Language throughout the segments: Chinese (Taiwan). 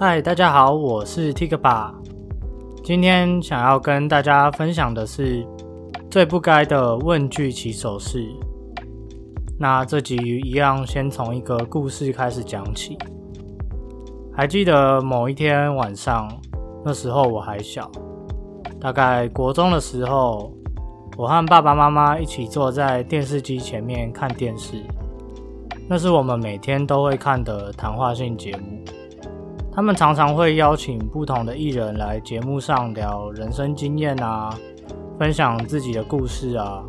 嗨，大家好，我是堤壩。今天想要跟大家分享的是最不該的問句起手式。那這集一樣，先從一個故事開始講起。還記得某一天晚上，那時候我還小，大概國中的時候，我和爸爸媽媽一起坐在電視機前面看電視。那是我們每天都會看的談話性節目。他們常常會邀請不同的藝人來節目上聊人生經驗啊，分享自己的故事啊。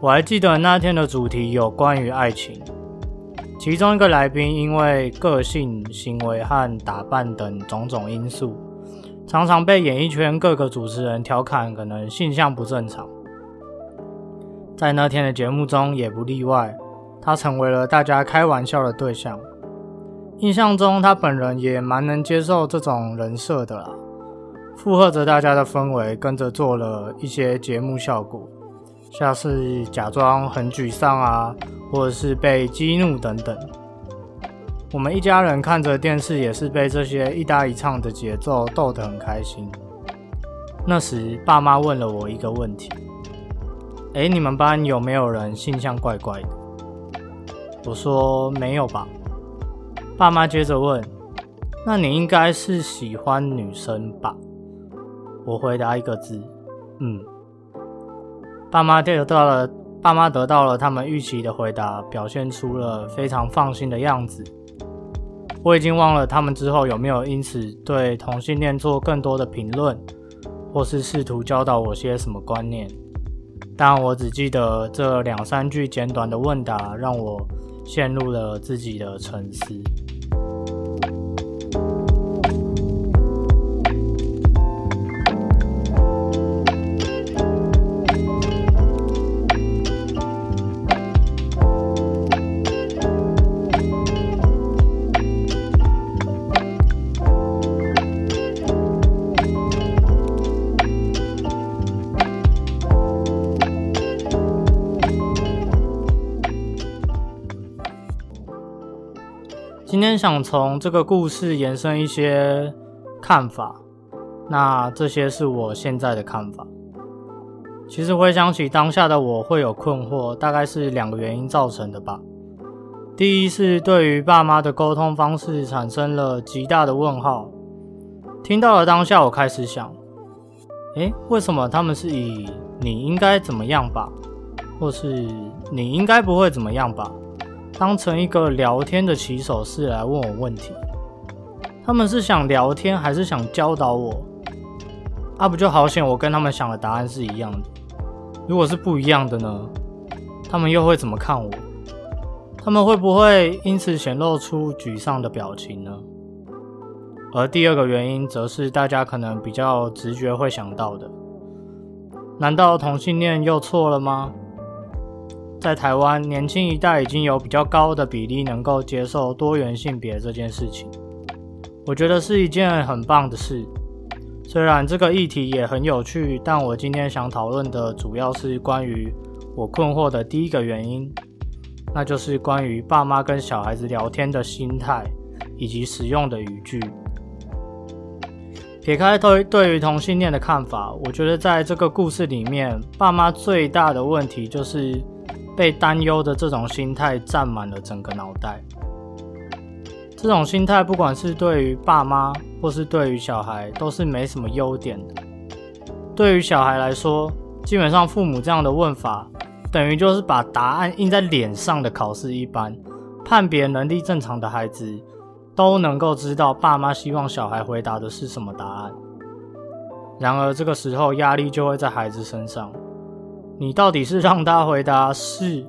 我還記得那天的主題有關於愛情。其中一個來賓因為個性、行為和打扮等種種因素，常常被演藝圈各個主持人調侃，可能性向不正常。在那天的節目中也不例外，他成為了大家開玩笑的對象。印象中，他本人也蠻能接受這種人設的啦，附和着大家的氛圍，跟着做了一些節目效果，像是假裝很沮喪啊，或者是被激怒等等。我們一家人看着電視，也是被這些一搭一唱的節奏逗得很開心。那時，爸媽問了我一個問題：“哎，你們班有沒有人性向怪怪的？”我說：“沒有吧。”爸媽接着問：“那你應該是喜歡女生吧？”我回答一個字：“嗯。”爸媽得到了，爸媽得到了他們預期的回答，表現出了非常放心的樣子。我已經忘了他們之後有沒有因此對同性戀做更多的評論，或是試圖教導我些什麼觀念。但我只記得這兩三句簡短的問答，讓我陷入了自己的沉思。今天想從這個故事延伸一些看法，那這些是我現在的看法。其實回想起當下的我會有困惑，大概是兩個原因造成的吧。第一是對於爸媽的溝通方式產生了極大的問號。聽到了當下，我開始想，誒、欸，為什麼他們是以“你應該怎麼樣吧”或是“你應該不會怎麼樣吧”？當成一個聊天的起手式來問我問題，他們是想聊天還是想教導我？阿、啊、不就好險我跟他們想的答案是一樣的。如果是不一樣的呢？他們又會怎麼看我？他們會不會因此顯露出沮喪的表情呢？而第二個原因，則是大家可能比較直覺會想到的：難道同性戀又錯了嗎？在台灣，年輕一代已經有比較高的比例能夠接受多元性別這件事情，我覺得是一件很棒的事。雖然這個議題也很有趣，但我今天想討論的主要是關於我困惑的第一個原因，那就是關於爸媽跟小孩子聊天的心態以及使用的語句。撇開對對於同性戀的看法，我覺得在這個故事裡面，爸媽最大的問題就是。被擔憂的這種心態佔滿了整個腦袋。這種心態，不管是對於爸媽，或是對於小孩，都是沒什麼優點的。對於小孩來說，基本上父母這樣的問法，等於就是把答案印在臉上的考試一般。判別能力正常的孩子，都能夠知道爸媽希望小孩回答的是什麼答案。然而，這個時候壓力就會在孩子身上。你到底是讓他回答是，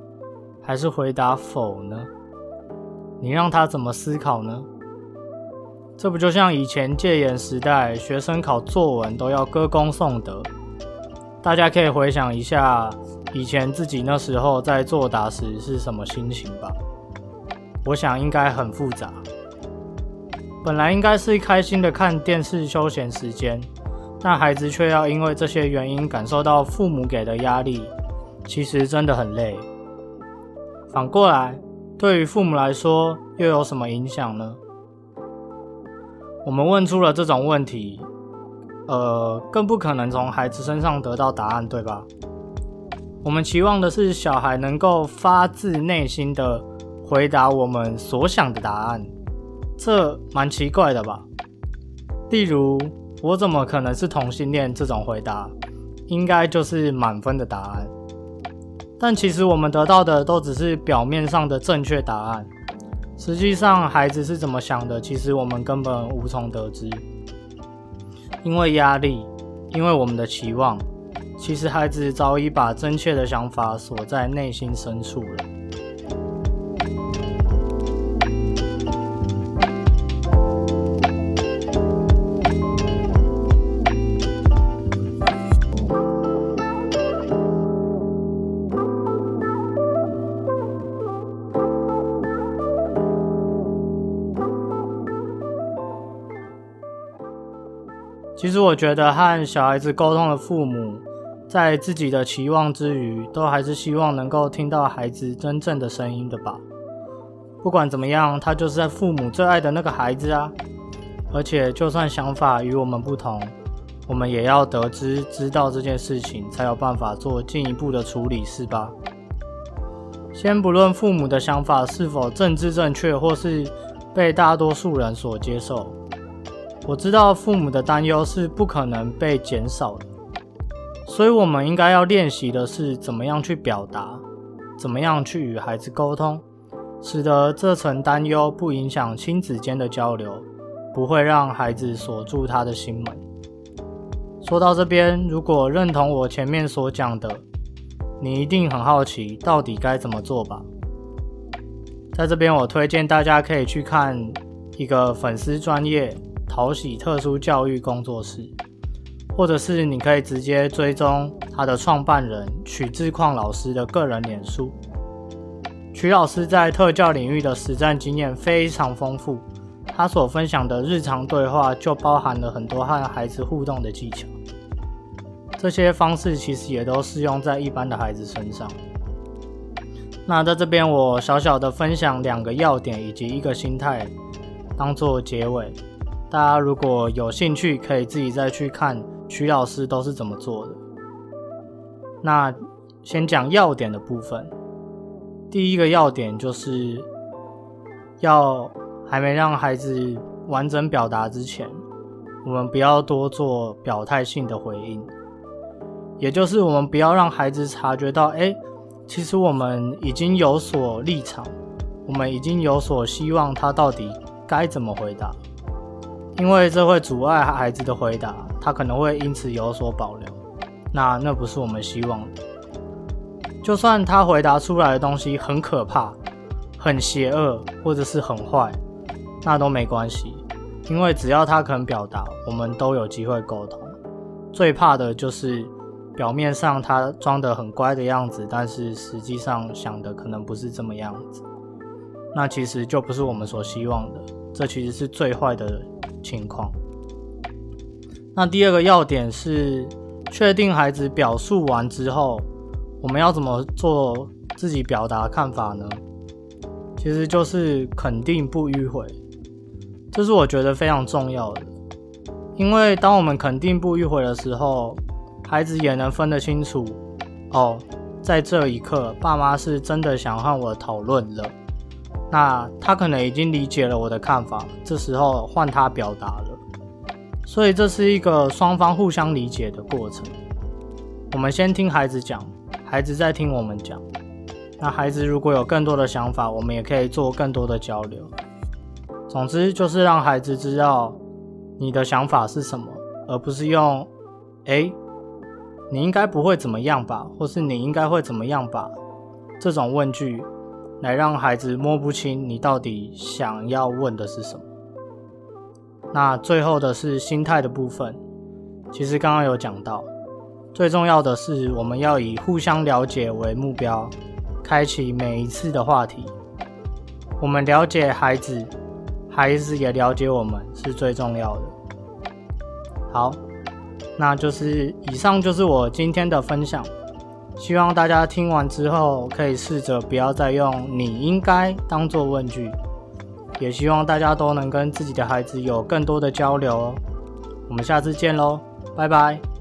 還是回答否呢？你讓他怎麼思考呢？這不就像以前戒嚴時代學生考作文都要歌功頌德。大家可以回想一下以前自己那時候在作答時是什麼心情吧？我想應該很複雜。本來應該是開心的看電視休閒時間。但孩子卻要因為這些原因感受到父母給的壓力，其實真的很累。反過來，對於父母來說又有什麼影響呢？我們問出了這種問題，呃，更不可能從孩子身上得到答案，對吧？我們期望的是小孩能夠發自內心的回答我們所想的答案，這蠻奇怪的吧？例如。我怎麼可能是同性戀？這種回答，應該就是滿分的答案。但其實我們得到的都只是表面上的正確答案。實際上，孩子是怎麼想的，其實我們根本無從得知。因為壓力，因為我們的期望，其實孩子早已把真切的想法鎖在內心深處了。其實我覺得，和小孩子溝通的父母，在自己的期望之餘，都還是希望能夠聽到孩子真正的聲音的吧。不管怎麼樣，他就是在父母最愛的那個孩子啊。而且，就算想法與我們不同，我們也要得知知道這件事情，才有辦法做進一步的處理，是吧？先不論父母的想法是否政治正確，或是被大多數人所接受。我知道父母的擔憂是不可能被減少的，所以我們應該要練習的是怎麼樣去表達，怎麼樣去與孩子溝通，使得這層擔憂不影響親子間的交流，不會讓孩子鎖住他的心門。說到這邊，如果認同我前面所講的，你一定很好奇到底該怎麼做吧？在這邊，我推薦大家可以去看一個粉絲專頁。陶璽特殊教育工作室，或者是你可以直接追蹤他的創辦人曲智鑛老師的個人臉書。曲老師在特教領域的實戰經驗非常豐富，他所分享的日常對話就包含了很多和孩子互動的技巧。這些方式其實也都適用在一般的孩子身上。那在這邊，我小小的分享兩個要點以及一個心態，當做結尾。大家如果有興趣，可以自己再去看徐老師都是怎麼做的。那先講要點的部分。第一個要點就是要還沒讓孩子完整表達之前，我們不要多做表態性的回應，也就是我們不要讓孩子察覺到，哎，其實我們已經有所立場，我們已經有所希望，他到底該怎麼回答。因為這會阻礙孩子的回答，他可能會因此有所保留，那那不是我們希望的。就算他回答出來的東西很可怕、很邪惡，或者是很壞，那都沒關係，因為只要他肯表達，我們都有機會溝通。最怕的就是表面上他裝得很乖的樣子，但是實際上想的可能不是這麼樣子。那其實就不是我們所希望的。這其實是最壞的情況。那第二個要點是，確定孩子表述完之後，我們要怎麼做自己表達的看法呢？其實就是肯定不迂迴，這是我覺得非常重要的。因為當我們肯定不迂迴的時候，孩子也能分得清楚，哦，在這一刻，爸媽是真的想和我討論了。那他可能已經理解了我的看法，這時候換他表達了，所以這是一個雙方互相理解的過程。我們先聽孩子講，孩子再聽我們講。那孩子如果有更多的想法，我們也可以做更多的交流。總之就是讓孩子知道你的想法是什麼，而不是用“誒你應該不會怎麼樣吧”或是“你應該會怎麼樣吧”這種問句。來讓孩子摸不清你到底想要問的是什麼。那最後的是心態的部分，其實剛剛有講到，最重要的是我們要以互相了解為目標，開啟每一次的話題。我們了解孩子，孩子也了解我們，是最重要的。好，那就是，以上就是我今天的分享。希望大家聽完之後可以試着不要再用“你應該”當做問句，也希望大家都能跟自己的孩子有更多的交流哦。我們下次見嘍，拜拜。